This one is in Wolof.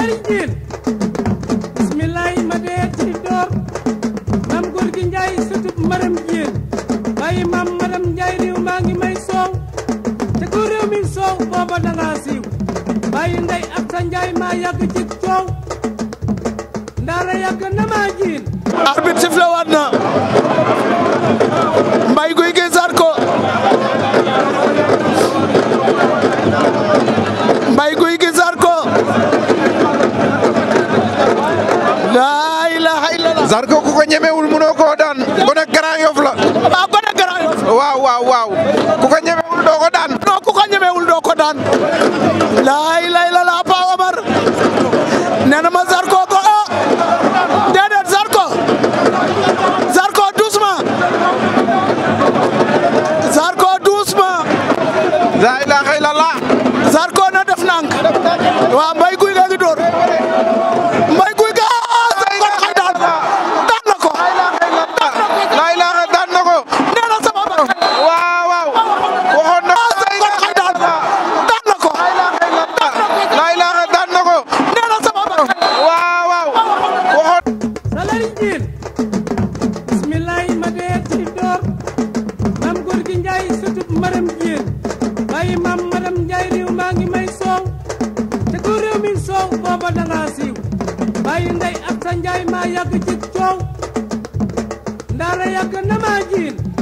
alal jiin bismillaay ma dee ci door maam góor njaay sutub maram jiin bàyyi maam maram njaay réew maa ngi may soow te ko réew mi soow booba danga siiw bàyyi ndey ak njaay maa yàgg ci coow ndaara yàgg na maa jiin arbitre sifflé waat na ilaha illallah Zarko ku ko ñemewul mënoo koo daan gone Grand Yoff la waaw gone Grand Yoff waaw waaw ku ko ñemewul doo ko daan non ku ko ñemewul doo ko daan laa ilaha illallah Pa Omar nee na ma Zarko ko o oh. déedéet Zarko Zarko doucement Zarko doucement laa ilaha na def nank waaw mbay guy nga ngi door booba danga siiw bàyyi ndey ak njaay maa yàgg ci coow ndaara yàgg na maa jiin